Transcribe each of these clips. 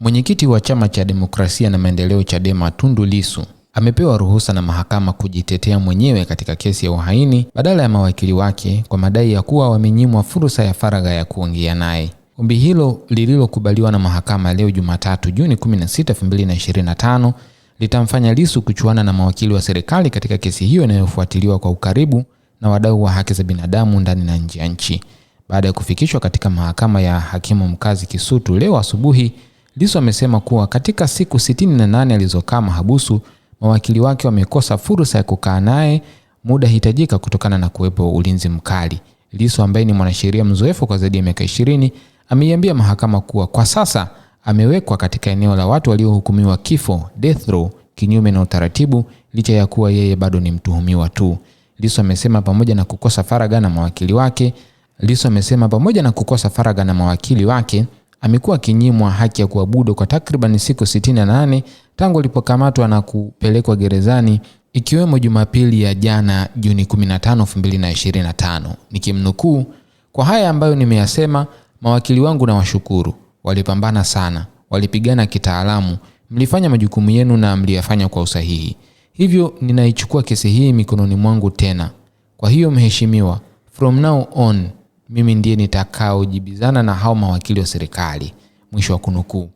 Mwenyekiti wa chama cha demokrasia na maendeleo Chadema Tundu Lissu amepewa ruhusa na mahakama kujitetea mwenyewe katika kesi ya uhaini badala ya mawakili wake kwa madai ya kuwa wamenyimwa fursa ya faragha ya kuongea naye. Ombi hilo lililokubaliwa na mahakama leo Jumatatu Juni 16, 2025 litamfanya Lissu kuchuana na mawakili wa serikali katika kesi hiyo inayofuatiliwa kwa ukaribu na wadau wa haki za binadamu ndani na nje ya nchi. Baada ya kufikishwa katika mahakama ya hakimu mkazi Kisutu leo asubuhi, Lissu amesema kuwa katika siku 68 alizokaa mahabusu, mawakili wake wamekosa fursa ya kukaa naye muda hitajika kutokana na kuwepo ulinzi mkali. Lissu ambaye ni mwanasheria mzoefu kwa zaidi ya miaka 20 ameiambia mahakama kuwa kwa sasa amewekwa katika eneo la watu waliohukumiwa kifo death row, kinyume na utaratibu, licha ya kuwa yeye bado ni mtuhumiwa tu. Lissu amesema pamoja na kukosa faragha na mawakili wake Lissu amesema pamoja na kukosa faragha na mawakili wake amekuwa akinyimwa haki ya kuabudu kwa takriban siku 68 tangu alipokamatwa na kupelekwa gerezani ikiwemo Jumapili ya jana Juni 15, 2025. Nikimnukuu, kwa haya ambayo nimeyasema, mawakili wangu na washukuru, walipambana sana, walipigana kitaalamu, mlifanya majukumu yenu na mliyafanya kwa usahihi. Hivyo ninaichukua kesi hii mikononi mwangu tena. Kwa hiyo, mheshimiwa, from now on mimi ndiye nitakaojibizana na hao mawakili wa serikali, mwisho wa kunukuu.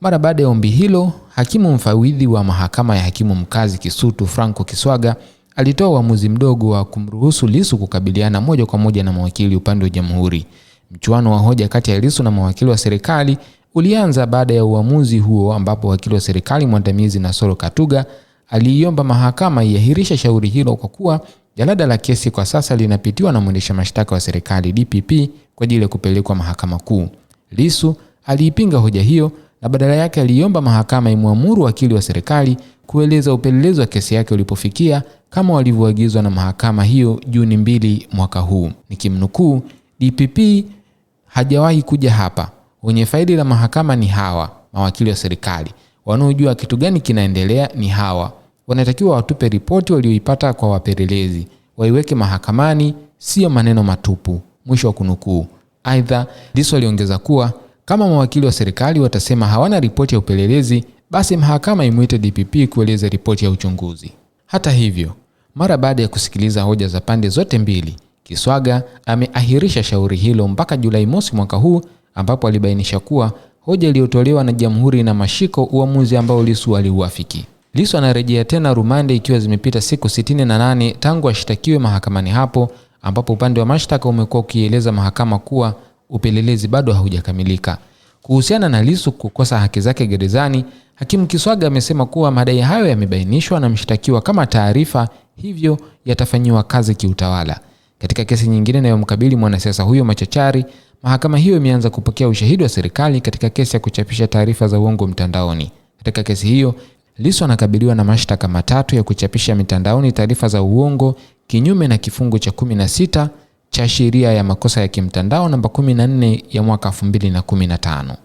Mara baada ya ombi hilo, hakimu mfawidhi wa mahakama ya hakimu mkazi Kisutu Franco Kiswaga alitoa uamuzi mdogo wa kumruhusu lisu kukabiliana moja kwa moja na mawakili upande wa Jamhuri. Mchuano wa hoja kati ya lisu na mawakili wa serikali ulianza baada ya uamuzi huo, ambapo wakili wa serikali mwandamizi Nasoro Katuga aliiomba mahakama iahirishe shauri hilo kwa kuwa Jalada la kesi kwa sasa linapitiwa na mwendesha mashtaka wa serikali DPP kwa ajili ya kupelekwa mahakama kuu. Lisu aliipinga hoja hiyo na badala yake aliomba mahakama imwamuru wakili wa serikali kueleza upelelezi wa kesi yake ulipofikia kama walivyoagizwa na mahakama hiyo Juni mbili mwaka huu. Nikimnukuu, DPP hajawahi kuja hapa, wenye faili la mahakama ni hawa, mawakili wa serikali wanaojua kitu gani kinaendelea ni hawa wanatakiwa watupe ripoti walioipata kwa wapelelezi, waiweke mahakamani, siyo maneno matupu. Mwisho wa kunukuu. Aidha, Lissu aliongeza kuwa kama mawakili wa serikali watasema hawana ripoti ya upelelezi, basi mahakama imwite DPP kueleza ripoti ya uchunguzi. Hata hivyo, mara baada ya kusikiliza hoja za pande zote mbili, Kiswaga ameahirisha shauri hilo mpaka Julai mosi mwaka huu, ambapo alibainisha kuwa hoja iliyotolewa na Jamhuri na mashiko uamuzi ambao lisu aliuafiki. Lissu anarejea tena rumande ikiwa zimepita siku 68 tangu ashtakiwe mahakamani hapo, ambapo upande wa mashtaka umekuwa ukieleza mahakama kuwa upelelezi bado haujakamilika. Kuhusiana na Lissu kukosa haki zake gerezani, Hakimu Kiswaga amesema kuwa madai hayo yamebainishwa na mshtakiwa kama taarifa, hivyo yatafanyiwa kazi kiutawala. Katika kesi nyingine inayomkabili mwanasiasa huyo machachari, mahakama hiyo imeanza kupokea ushahidi wa serikali katika kesi ya kuchapisha taarifa za uongo mtandaoni. Katika kesi hiyo Lissu anakabiliwa na mashtaka matatu ya kuchapisha mitandaoni taarifa za uongo kinyume na kifungu cha 16 cha sheria ya makosa ya kimtandao namba 14 ya mwaka 2015.